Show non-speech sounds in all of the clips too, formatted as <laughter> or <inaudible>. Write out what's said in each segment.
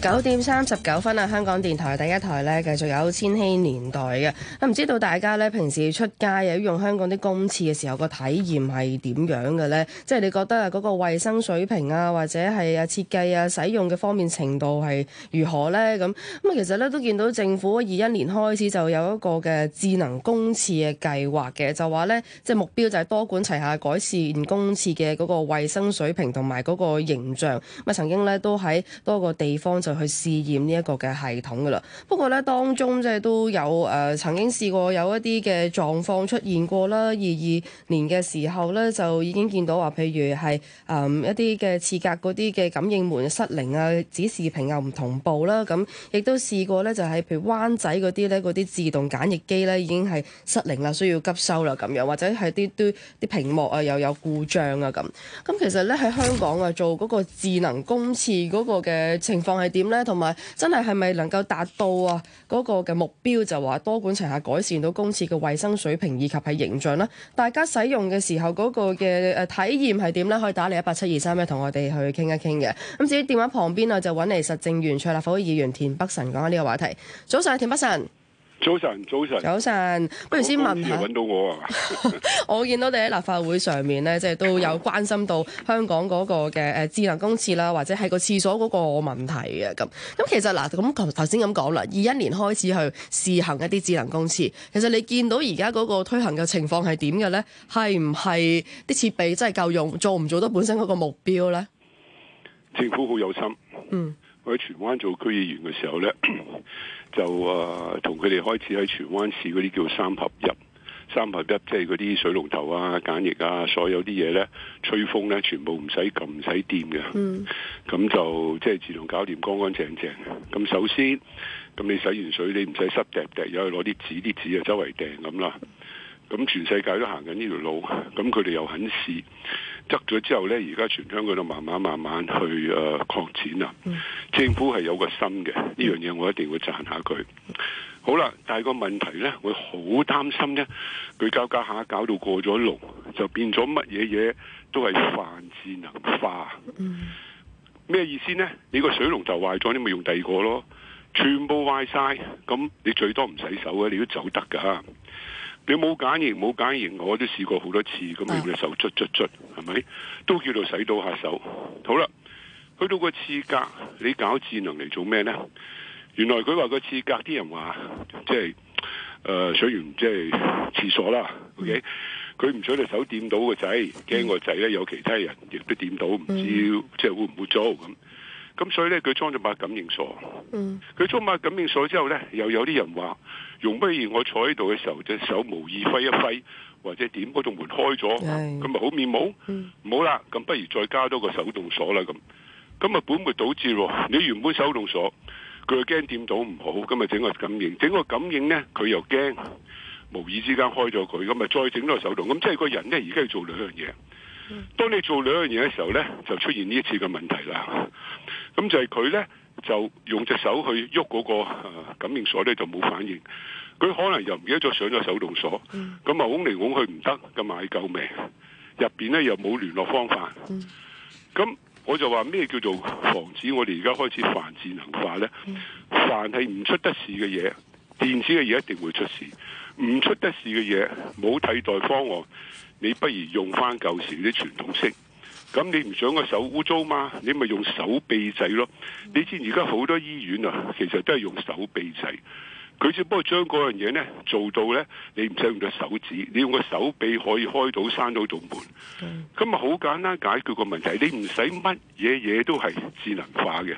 九點三十九分啊！香港電台第一台咧，繼續有《千禧年代》嘅。唔知道大家咧，平時出街要用香港啲公廁嘅時候，個體驗係點樣嘅咧？即係你覺得嗰個衛生水平啊，或者係啊設計啊、使用嘅方面程度係如何咧？咁咁啊，其實咧都見到政府二一年開始就有一個嘅智能公廁嘅計劃嘅，就話咧即係目標就係多管齊下改善公廁嘅嗰個衞生水平同埋嗰個形象。咁啊，曾經咧都喺多個地方。就去試驗呢一個嘅系統噶啦。不過咧，當中即係都有誒、呃、曾經試過有一啲嘅狀況出現過啦。二二年嘅時候咧，就已經見到話譬如係誒、嗯、一啲嘅廁格嗰啲嘅感應門失靈啊，指示屏又唔同步啦。咁亦都試過咧，就係、是、譬如灣仔嗰啲咧，嗰啲自動簡譯機咧已經係失靈啦，需要急收啦咁樣，或者係啲都啲屏幕啊又有故障啊咁。咁其實咧喺香港啊，做嗰個智能公廁嗰個嘅情況，係點？點咧？同埋真係係咪能夠達到啊嗰個嘅目標？就話多管齊下改善到公廁嘅衛生水平以及係形象啦。大家使用嘅時候嗰個嘅誒體驗係點咧？可以打嚟一八七二三一同我哋去傾一傾嘅。咁至於電話旁邊啊，就揾嚟實政圓桌立法會議員田北辰講下呢個話題。早晨，田北辰。早晨，早晨，早晨。不如先問下，到我啊。 <laughs> 我見到你喺立法會上面呢，即係都有關心到香港嗰個嘅誒智能公廁啦，或者係個廁所嗰個問題嘅咁。咁其實嗱，咁頭先咁講啦，二一年開始去試行一啲智能公廁，其實你見到而家嗰個推行嘅情況係點嘅呢？係唔係啲設備真係夠用，做唔做得本身嗰個目標呢？政府好有心。嗯。我喺荃灣做區議員嘅時候呢。就啊，同佢哋開始喺荃灣市嗰啲叫三合一、三合一，即係嗰啲水龍頭啊、梘液啊，所有啲嘢咧吹風咧，全部唔使撳、唔使掂嘅。嗯，咁就即係自動搞掂，乾乾淨淨。咁首先，咁你洗完水，你唔使濕揼揼，又去攞啲紙，啲紙啊周圍掟咁啦。咁全世界都行緊呢條路，咁佢哋又肯試。執咗之後呢，而家全香港都慢慢慢慢去誒、呃、擴展啦。政府係有個心嘅，呢樣嘢我一定會讚下佢。好啦，但係個問題呢，我好擔心呢，佢搞搞下搞到過咗龍，就變咗乜嘢嘢都係泛智能化。咩意思呢？你個水龍頭壞咗，你咪用第二個咯。全部壞晒。咁你最多唔洗手嘅，你都走得㗎。你冇揀型冇揀型，我都試過好多次，咁你隻手捽捽捽，係咪都叫做洗到下手？好啦，去到個廁格，你搞智能嚟做咩呢？原來佢話個廁格啲人話，即係誒，水、呃、完即係廁所啦，OK，佢唔想隻手掂到個仔，驚個仔咧有其他人亦都掂到，唔知即係會唔會做咁。活咁所以咧，佢裝咗把感應鎖。嗯。佢裝把感應鎖之後咧，又有啲人話，容不如我坐喺度嘅時候，隻手無意揮一揮，或者點嗰種門開咗，咁咪好面懵？嗯。唔好啦，咁不如再加多個手動鎖啦，咁。咁啊，本末倒置喎！你原本手動鎖，佢又驚掂到唔好，咁啊整個感應，整個感應咧，佢又驚，無意之間開咗佢，咁啊再整多個手動，咁即係個人咧而家要做兩樣嘢。嗯。當你做兩樣嘢嘅時候咧，就出現呢一次嘅問題啦。咁就係佢呢，就用隻手去喐嗰個感應鎖呢，就冇反應。佢可能又唔記得咗上咗手動鎖。咁啊、嗯，拱嚟拱去唔得，咁咪救命！入面呢又冇聯絡方法。咁、嗯、我就話咩叫做防止我哋而家開始繁智能化呢？嗯、凡係唔出得事嘅嘢，電子嘅嘢一定會出事。唔出得事嘅嘢，冇替代方案，你不如用翻舊時啲傳統式。咁你唔想個手污糟嘛？你咪用手臂制咯。你知而家好多醫院啊，其實都係用手臂制。佢只不過將嗰樣嘢呢做到呢，你唔使用隻手指，你用個手臂可以開到閂到道門。咁啊好簡單解決個問題，你唔使乜嘢嘢都係智能化嘅。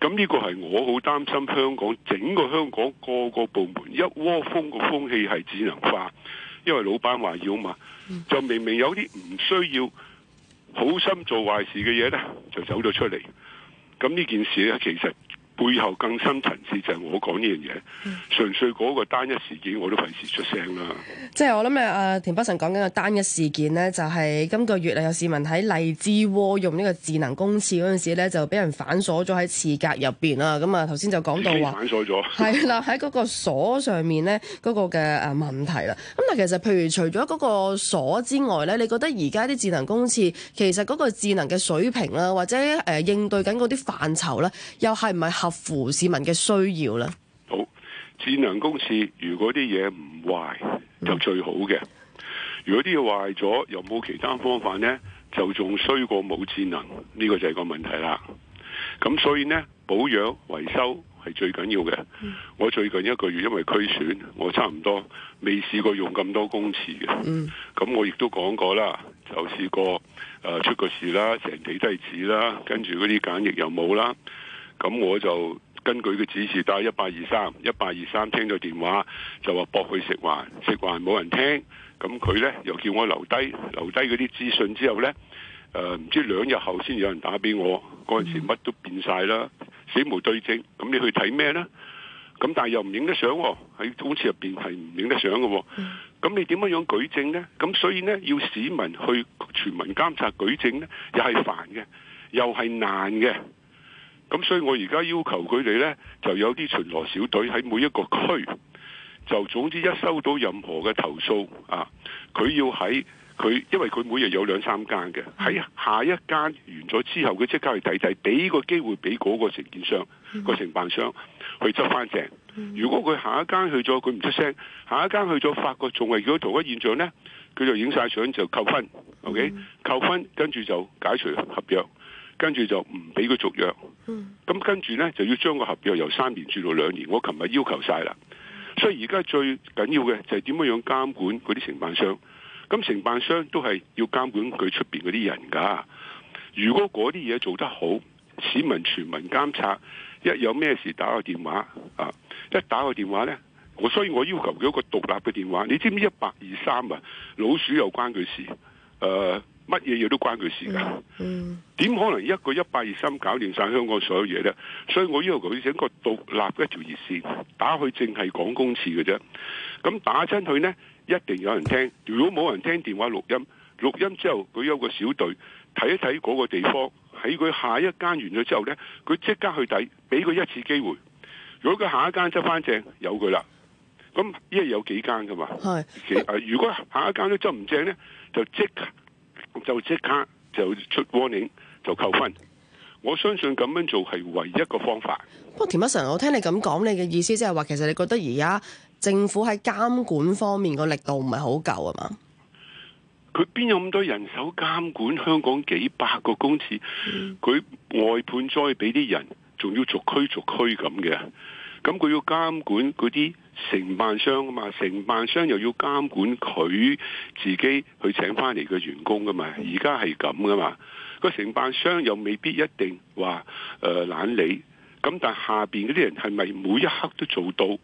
咁呢個係我好擔心香港整個香港各個部門一窩蜂個風氣係智能化，因為老闆話要嘛，就明明有啲唔需要。好心做壞事嘅嘢咧，就走咗出嚟。咁呢件事咧，其實背後更深層次就係我講呢樣嘢，嗯、純粹嗰個單一事件我都費事出聲啦。即係我諗啊、呃，田北辰講緊個單一事件呢，就係、是、今個月啊，有市民喺荔枝窩用呢個智能公廁嗰陣時呢，就俾人反鎖咗喺廁格入邊啦。咁啊，頭先就講到話反鎖咗，係啦， <laughs> 喺嗰個鎖上面呢，嗰、嗰個嘅啊問題啦。咁但其實，譬如除咗嗰個鎖之外呢，你覺得而家啲智能公廁其實嗰個智能嘅水平啦、啊，或者誒、呃、應對緊嗰啲範疇咧，又係唔符合市民嘅需要啦。好，智能公廁如果啲嘢唔壞就最好嘅，如果啲嘢壞咗又冇其他方法呢，就仲衰過冇智能，呢、這個就係個問題啦。咁所以呢，保養維修係最緊要嘅。嗯、我最近一個月因為區選，我差唔多未試過用咁多公廁嘅。咁、嗯、我亦都講過啦，就試過誒出個事啦，成地都係紙啦，跟住嗰啲簡易又冇啦。咁我就根據佢指示打一八二三一八二三，聽咗電話就話駁去食環，食環冇人聽。咁佢呢又叫我留低留低嗰啲資訊之後呢，誒、呃、唔知兩日後先有人打俾我。嗰陣時乜都變晒啦，死無對證。咁你去睇咩呢？咁但係又唔影得相喎，喺公廁入面係唔影得相嘅。咁你點樣舉證呢？咁所以呢，要市民去全民監察舉證呢，又係煩嘅，又係難嘅。咁所以我而家要求佢哋呢，就有啲巡邏小隊喺每一個區，就總之一收到任何嘅投訴啊，佢要喺佢，因為佢每日有兩三間嘅，喺下一間完咗之後，佢即刻去睇睇，俾個機會俾嗰個承建商、mm hmm. 個承辦商去執翻正。如果佢下一間去咗佢唔出聲，下一間去咗發覺仲係如果同一現象呢，佢就影曬相就扣分，OK？扣分跟住就解除合約。跟住就唔俾佢續約，咁跟住呢，就要將個合約由三年轉到兩年。我琴日要求晒啦，所以而家最緊要嘅就係點樣樣監管佢啲承辦商。咁承辦商都係要監管佢出面嗰啲人㗎。如果嗰啲嘢做得好，市民全民監察，一有咩事打個電話啊！一打個電話呢。我所以我要求佢一個獨立嘅電話。你知唔知一八二三啊？老鼠又關佢事，誒、呃？乜嘢嘢都關佢事噶，點、嗯嗯、可能一個一百二三搞掂晒香港所有嘢呢？所以我要求佢整個獨立一條熱線打去，淨係講公廁嘅啫。咁打親佢呢，一定有人聽。如果冇人聽電話錄音，錄音之後佢有個小隊睇一睇嗰個地方，喺佢下一間完咗之後呢，佢即刻去睇，俾佢一次機會。如果佢下一間執翻正，有佢啦。咁因係有幾間噶嘛是、呃？如果下一間都執唔正呢，就即。就即刻就出 warning 就扣分，我相信咁樣做係唯一個方法。不過田北辰，我聽你咁講，你嘅意思即係話，其實你覺得而家政府喺監管方面個力度唔係好夠啊嘛？佢邊有咁多人手監管香港幾百個公廁，佢、嗯、外判再俾啲人，仲要逐區逐區咁嘅，咁佢要監管嗰啲。承辦商啊嘛，承辦商又要監管佢自己去請翻嚟嘅員工噶嘛，而家係咁噶嘛。個承辦商又未必一定話誒、呃、懶理，咁但係下邊嗰啲人係咪每一刻都做到？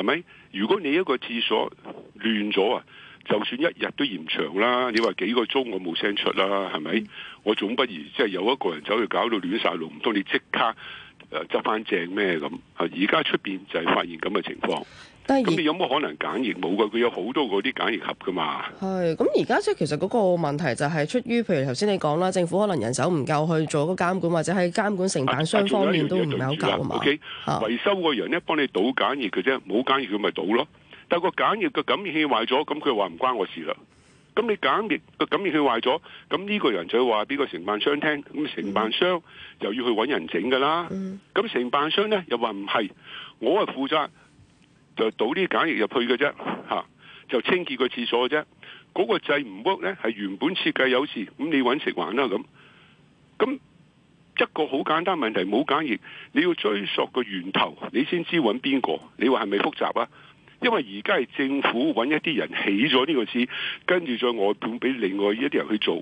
係咪？如果你一個廁所亂咗啊，就算一日都嫌長啦。你話幾個鐘我冇聲出啦，係咪？我總不如即係有一個人走去搞到亂晒龍，唔通你即刻？誒執翻正咩咁？而家出面就係發現咁嘅情況。但係有冇可能梘液冇㗎？佢有好多嗰啲梘液盒噶嘛。係。咁而家即係其實嗰個問題就係出於，譬如頭先你講啦，政府可能人手唔夠去做嗰個監管，或者喺監管承辦商、啊、雙方面、啊、都唔係好夠啊嘛。維修個人咧幫你倒梘液佢啫，冇梘液佢咪倒咯。但係個梘液嘅感應器壞咗，咁佢話唔關我事啦。咁你鹼液個鹼液佢壞咗，咁呢個人就話畀個承辦商聽，咁承辦商就要去揾人整噶啦。咁承辦商咧又話唔係，我係負責就倒啲鹼液入去嘅啫，吓就清潔個廁所啫。嗰、那個制唔 work 咧，係原本設計有事，咁你揾食環啦咁。咁一個好簡單問題，冇鹼液，你要追溯個源頭，你先知揾邊個。你話係咪複雜啊？因為而家係政府揾一啲人起咗呢個廁，跟住再外判俾另外一啲人去做，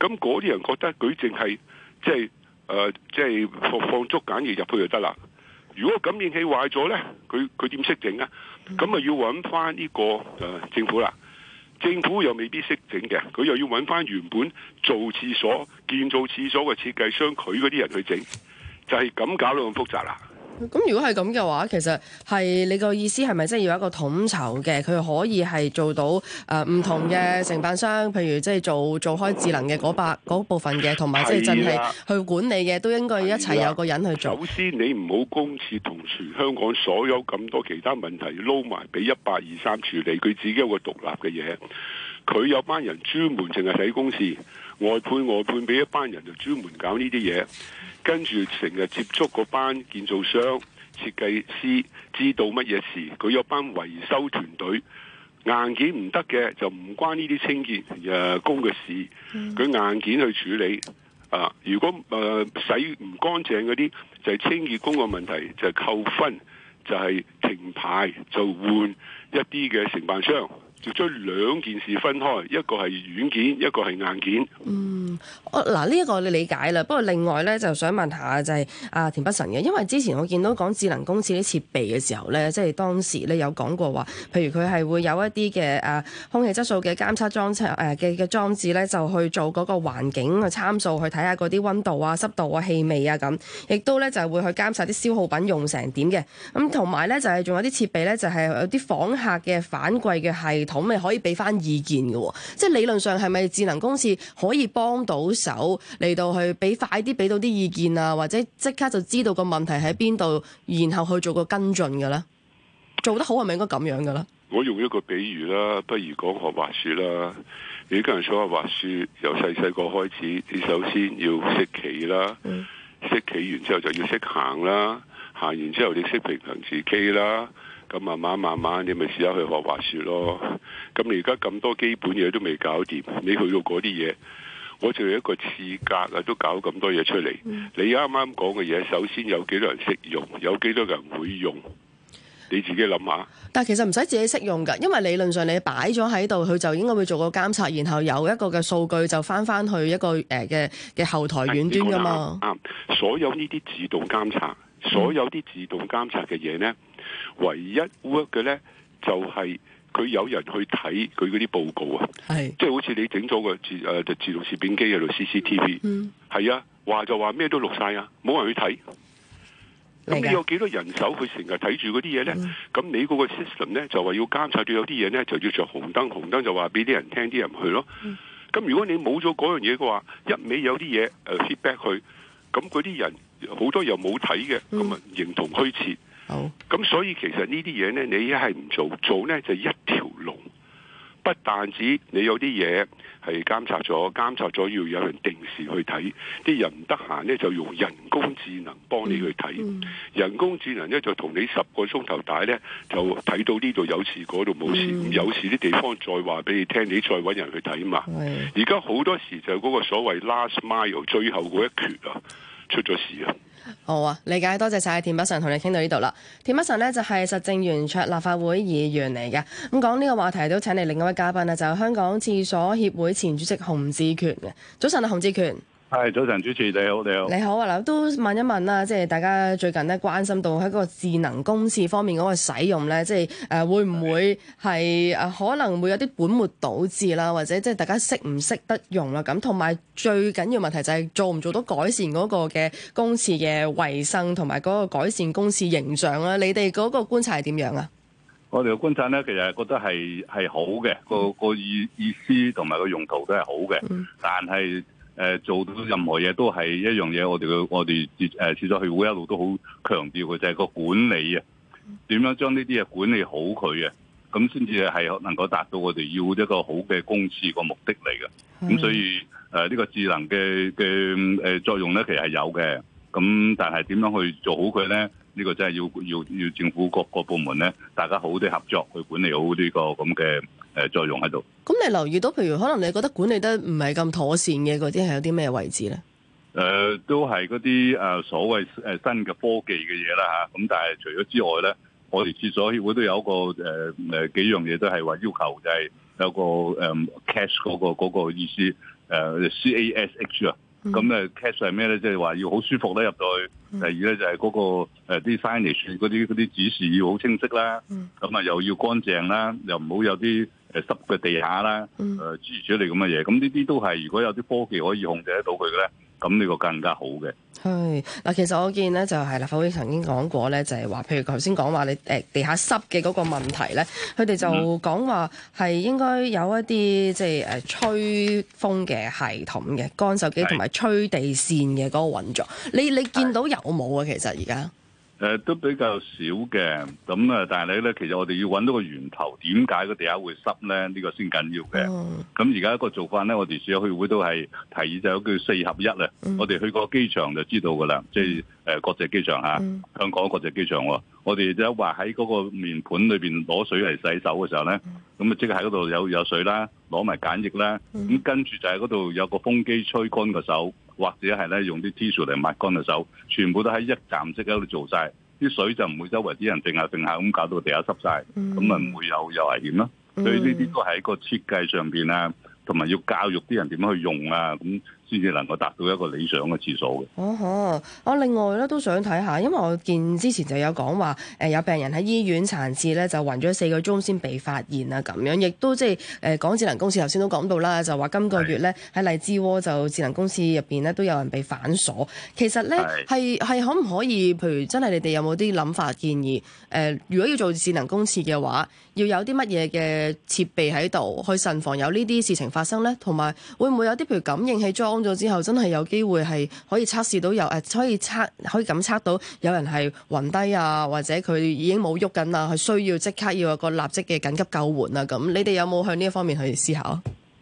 咁嗰啲人覺得佢淨係即係誒即係放放足簡易入去就得啦。如果感應器壞咗咧，佢佢點識整啊？咁啊要揾翻呢個誒、呃、政府啦，政府又未必識整嘅，佢又要揾翻原本做廁所、建造廁所嘅設計商，佢嗰啲人去整，就係、是、咁搞到咁複雜啦。咁如果係咁嘅話，其實，係你個意思係咪真係要有一個統籌嘅，佢可以係做到誒唔、呃、同嘅承辦商，譬如即係做做開智能嘅嗰百嗰部分嘅，同埋即係真係去管理嘅，都應該一齊有個人去做。首先你，你唔好公廁同廚香港所有咁多其他問題撈埋俾一八二三處理，佢自己一個獨立嘅嘢。佢有班人專門淨係睇公廁。外判外判俾一班人就專門搞呢啲嘢，跟住成日接觸嗰班建造商、設計師，知道乜嘢事。佢有一班維修團隊，硬件唔得嘅就唔關呢啲清潔工嘅事，佢硬件去處理。啊，如果誒、呃、洗唔乾淨嗰啲，就係清潔工嘅問題，就係扣分，就係停牌，就換一啲嘅承辦商。要將兩件事分開，一個係軟件，一個係硬件。嗯，嗱呢一個你理解啦。不過另外咧，就想問下就係啊田北辰嘅，因為之前我見到講智能公廁啲設備嘅時候咧，即係當時咧有講過話，譬如佢係會有一啲嘅、啊、空氣質素嘅監測裝設嘅嘅裝置咧，就去做嗰個環境嘅參數，去睇下嗰啲温度啊、濕度啊、氣味啊咁，亦都咧就係會去監察啲消耗品用成點嘅。咁同埋咧就係仲有啲設備咧就係有啲訪客嘅反饋嘅系統咁咪可以俾翻意見嘅，即係理論上係咪智能公廁可以幫到手嚟到去俾快啲俾到啲意見啊，或者即刻就知道個問題喺邊度，然後去做個跟進嘅咧？做得好係咪應該咁樣嘅啦？我用一個比喻啦，不如講學滑雪啦。你果人想學滑雪，由細細個開始，你首先要識企啦，嗯、識企完之後就要識行啦，行完之後你識平衡自己啦。咁慢慢慢慢，你咪試下去學滑雪咯。咁你而家咁多基本嘢都未搞掂，你去到嗰啲嘢，我淨係一個廁格啊，都搞咁多嘢出嚟。嗯、你啱啱講嘅嘢，首先有幾多人識用，有幾多人會用，你自己諗下。但係其實唔使自己識用噶，因為理論上你擺咗喺度，佢就應該會做個監察，然後有一個嘅數據就翻翻去一個誒嘅嘅後台遠端噶嘛。啱，所有呢啲自動監察，嗯、所有啲自動監察嘅嘢呢。唯一 work 嘅咧，就係、是、佢有人去睇佢嗰啲報告啊，是即係好似你整咗個自、呃、自動攝影機喺度 CCTV，係、嗯、啊，話就話咩都錄晒啊，冇人去睇，咁你有幾多人手佢成日睇住嗰啲嘢咧？咁、嗯、你嗰個 system 咧就話要監察到，到有啲嘢咧就要着紅燈，紅燈就話俾啲人聽，啲人去咯。咁、嗯、如果你冇咗嗰樣嘢嘅話，一味有啲嘢、呃、feedback 佢，咁嗰啲人好多又冇睇嘅，咁啊、嗯、形同虛設。咁所以其實呢啲嘢呢，你一係唔做，做呢就一條龍。不但止你有啲嘢係監察咗，監察咗要有人定時去睇。啲人唔得閒呢就用人工智能幫你去睇。嗯、人工智能呢，就同你十個鐘頭帶呢，就睇到呢度有事，嗰度冇事。嗯、有事啲地方再話俾你聽，你再揾人去睇嘛。而家好多時就嗰個所謂 last mile 最後嗰一橛啊，出咗事啊！好啊，理解，多謝晒田北辰，同你傾到呢度啦。田北辰呢，就係實政圓桌立法會議員嚟嘅，咁講呢個話題都請嚟另外一位嘉賓啊，就係、是、香港廁所協會前主席熊志權嘅。早晨啊，熊志權。係早晨，主持你好，你好。你好啊，嗱，都問一問啦，即係大家最近咧，關心到喺嗰個智能公廁方面嗰個使用咧，即係誒，會唔會係誒，可能會有啲本末倒置啦，或者即係大家識唔識得用啦？咁同埋最緊要問題就係做唔做到改善嗰個嘅公廁嘅衛生，同埋嗰個改善公廁形象呀。你哋嗰個觀察係點樣啊？我哋嘅觀察咧，其實係覺得係係好嘅，個個意意思同埋個用途都係好嘅，但係。誒做到任何嘢都係一樣嘢，我哋嘅我哋誒廁所協會一路都好強調嘅就係個管理啊，點樣將呢啲嘢管理好佢啊，咁先至係能夠達到我哋要一個好嘅公廁個目的嚟嘅。咁所以誒呢個智能嘅嘅誒作用咧，其實係有嘅，咁但係點樣去做好佢咧？呢個真係要要要政府各個部門咧，大家好啲合作去管理好呢個咁嘅。誒，作用喺度。咁你留意到，譬如可能你覺得管理得唔係咁妥善嘅嗰啲，係有啲咩位置咧？誒、呃，都係嗰啲誒所謂誒新嘅科技嘅嘢啦吓。咁、啊、但係除咗之外咧，我哋廁所協會都有個誒誒、呃、幾樣嘢都係話要求，就係、是、有個誒、呃、cash 嗰、那個嗰、那個意思誒、呃、C A S H 啊。咁誒 cash 係咩咧？即係話要好舒服咧入到去。第二咧就係嗰、那個啲 signage 嗰啲嗰啲指示要好清晰啦。咁啊、嗯、又要乾淨啦，又唔好有啲誒濕嘅地下啦。諸如此類咁嘅嘢。咁呢啲都係如果有啲科技可以控制得到佢嘅咧。咁呢個更加好嘅。嗱，其實我見咧就係、是、啦，立法會曾經講過咧，就係話，譬如頭先講話你地下濕嘅嗰個問題咧，佢哋就講話係應該有一啲即係誒吹風嘅系統嘅乾手機同埋吹地線嘅嗰個運作。的你你見到有冇啊？其實而家。誒都比較少嘅，咁啊，但係咧，其實我哋要揾到個源頭，點解個地下會濕咧？呢、呢個先緊要嘅。咁而家一個做法咧，我哋市去會都係提議，就係叫四合一咧。嗯、我哋去個機場就知道㗎啦，即係誒國際機場嚇，香港國際機場。機場嗯、我哋即係話喺嗰個面盤裡面盤裏面攞水嚟洗手嘅時候咧，咁啊即係喺嗰度有有水啦，攞埋梘液啦，咁跟住就喺嗰度有個風機吹乾個手。或者係咧用啲 tissue 嚟抹乾隻手，全部都喺一站式喺度做晒。啲水就唔會周圍，啲人定下定下咁搞到地下濕晒，咁啊，唔會有又危險咯。所以呢啲都係一個設計上面啊，同埋要教育啲人點樣去用啊咁。先至能夠達到一個理想嘅次數嘅。哦，我另外咧都想睇下，因為我見之前就有講話，誒有病人喺醫院殘廁咧就暈咗四個鐘先被發現啊咁樣，亦都即係誒講智能公廁，頭先都講到啦，就話今個月咧喺荔枝窩就智能公廁入邊咧都有人被反鎖。其實咧係係可唔可以？譬如真係你哋有冇啲諗法建議？誒、呃，如果要做智能公廁嘅話，要有啲乜嘢嘅設備喺度去慎防有呢啲事情發生咧？同埋會唔會有啲譬如感應器裝咗之後，真係有機會係可以測試到有誒、啊，可以測可以咁測到有人係暈低啊，或者佢已經冇喐緊啦，佢需要即刻要有一個立即嘅緊急救援呀。咁你哋有冇向呢一方面去思考？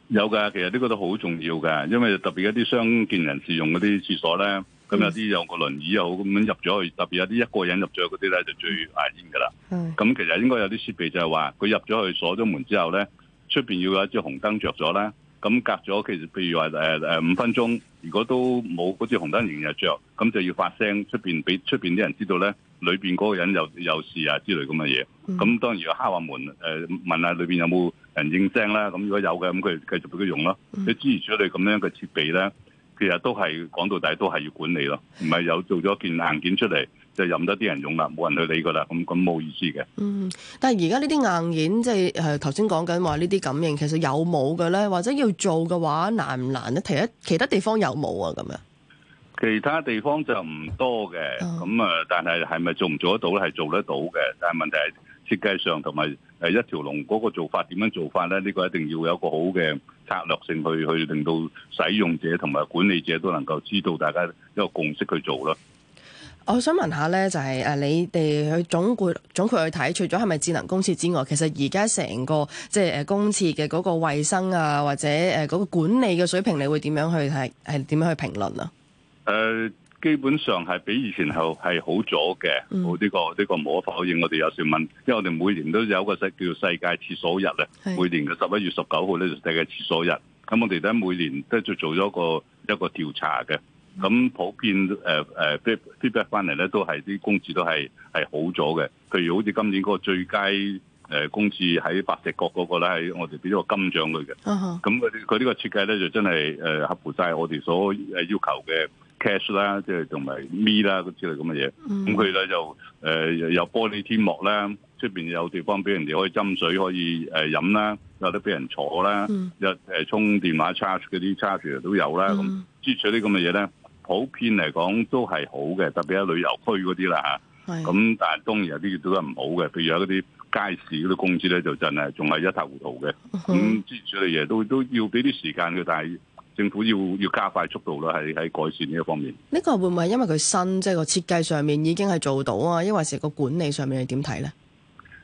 有噶，其實呢個都好重要噶，因為特別一啲傷健人士用嗰啲廁所咧，咁、mm. 有啲有個輪椅又好咁樣入咗去，特別有啲一個人入咗去嗰啲咧就最危險噶啦。咁、mm. 其實應該有啲設備就係話，佢入咗去鎖咗門之後咧，出邊要有一支紅燈着咗咧。咁隔咗其實，譬如話五分鐘，如果都冇嗰支紅燈仍然着，咁就要發聲出面俾出面啲人知道咧，裏面嗰個人有有事啊之類咁嘅嘢。咁、嗯、當然要敲下門，誒問下裏面有冇人應聲啦。咁如果有嘅，咁佢繼續俾佢用咯。你支持咗你咁樣嘅設備咧，其實都係講到底都係要管理咯，唔係有做咗件硬件出嚟。就任得啲人用啦，冇人去理噶啦，咁咁冇意思嘅。嗯，但係而家呢啲硬件，即係誒頭先講緊話呢啲感應，其實有冇嘅咧？或者要做嘅話，難唔難咧？其他其他地方有冇啊？咁樣其他地方就唔多嘅，咁誒，但係係咪做唔做得到咧？係做得到嘅，但係問題係設計上同埋誒一條龍嗰個做法點樣做法咧？呢個一定要有個好嘅策略性去去令到使用者同埋管理者都能夠知道大家一個共識去做咯。我想問下咧，就係、是、誒你哋去總括總括去睇，除咗係咪智能公廁之外，其實而家成個即係誒公廁嘅嗰個衛生啊，或者誒嗰個管理嘅水平，你會點樣去睇？係點樣去評論啊？誒，基本上係比以前係係好咗嘅。冇呢、嗯這個呢、這個無可否認，我哋有時問，因為我哋每年都有個世叫世界廁所日咧，每年嘅十一月十九號呢，就世界廁所日。咁是我哋咧每年都就做咗個一個調查嘅。咁普遍誒誒，uh, uh, feedback 翻嚟咧，都係啲公廁都係係好咗嘅。譬如好似今年嗰個最佳公廁喺白石角嗰個咧，係我哋俾咗個金獎佢嘅。咁佢佢呢個設計咧就真係誒，uh, 合乎晒我哋所要求嘅 cash 啦，即係同埋 me 啦嗰啲類咁嘅嘢。咁佢咧就誒，uh, 有玻璃天幕啦，出面有地方俾人哋可以斟水可以飲啦，有得俾人坐啦，uh huh. 有充，uh, 電話 charge 嗰啲 charge 都有啦。咁，uh huh. 諸多啲咁嘅嘢咧。普遍嚟講都係好嘅，特別喺旅遊區嗰啲啦，咁是但係當然有啲亦都係唔好嘅，譬如有嗰啲街市嗰啲公廁咧，就真係仲係一塌糊塗嘅。咁啲處理嘢都都要俾啲時間嘅，但係政府要要加快速度啦，喺喺改善呢一方面。呢個會唔會因為佢新即係個設計上面已經係做到啊？因為成個管理上面係點睇咧？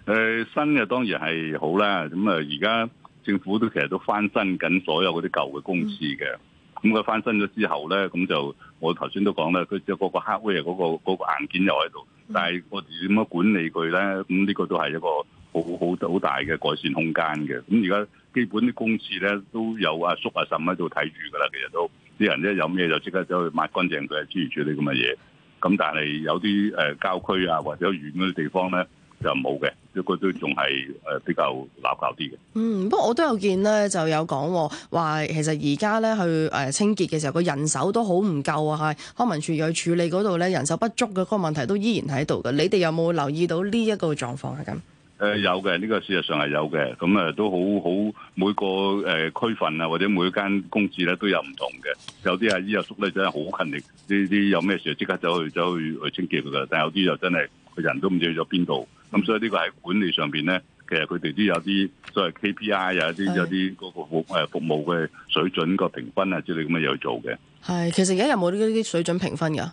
誒、呃，新嘅當然係好啦。咁啊，而家政府都其實都翻新緊所有嗰啲舊嘅公廁嘅。嗯咁佢翻新咗之後咧，咁就我頭先都講啦，佢即係嗰個黑灰啊，嗰個嗰個硬件又喺度，但係我哋點樣管理佢咧？咁呢個都係一個好好好大嘅改善空間嘅。咁而家基本啲公廁咧都有阿叔阿嬸喺度睇住噶啦，其實都啲人一有咩就即刻走去抹乾淨佢，黐住啲咁嘅嘢。咁但係有啲誒郊區啊，或者遠嗰啲地方咧。就冇嘅，一個都仲係誒比較鬧爆啲嘅。嗯，不過我都有見咧，就有講話其實而家咧去誒清潔嘅時候，個人手都好唔夠啊，係康文處去處理嗰度咧，人手不足嘅嗰個問題都依然喺度嘅。你哋有冇留意到呢一個狀況係咁？誒、呃、有嘅，呢、這個事實上係有嘅。咁啊都好好每個誒區份啊，或者每一間公廁咧都有唔同嘅。有啲阿姨阿叔咧真係好勤力，呢啲有咩事即刻走去走去去清潔嘅。但有啲就真係個人都唔知去咗邊度。咁、嗯、所以呢個喺管理上邊咧，其實佢哋都有啲所謂 KPI 啊，的有啲有啲嗰個服服務嘅水準個評分啊之類咁啊，就是、去做嘅。係，其實而家有冇呢啲水準評分噶？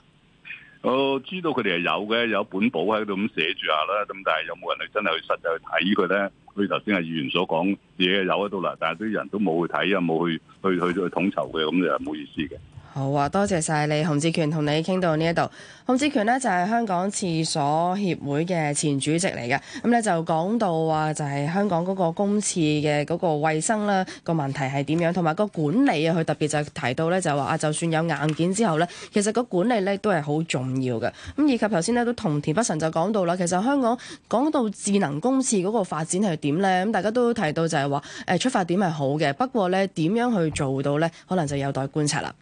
嗯、我知道佢哋係有嘅，有本簿喺度咁寫住下啦。咁但係有冇人係真係去實際去睇佢咧？佢頭先係議員所講嘢係有喺度啦，但係啲人都冇去睇啊，冇去去去去統籌嘅，咁就冇意思嘅。好啊！多謝晒你熊志權，同你傾到呢一度。熊志權呢，就係、是、香港廁所協會嘅前主席嚟嘅，咁咧就講到話就係香港嗰個公廁嘅嗰個衛生啦、個問題係點樣，同埋個管理啊。佢特別就提到咧就話啊，就算有硬件之後咧，其實個管理咧都係好重要嘅。咁以及頭先咧都同田北辰就講到啦，其實香港講到智能公廁嗰個發展係點咧，咁大家都提到就係話出發點係好嘅，不過咧點樣去做到咧，可能就有待觀察啦。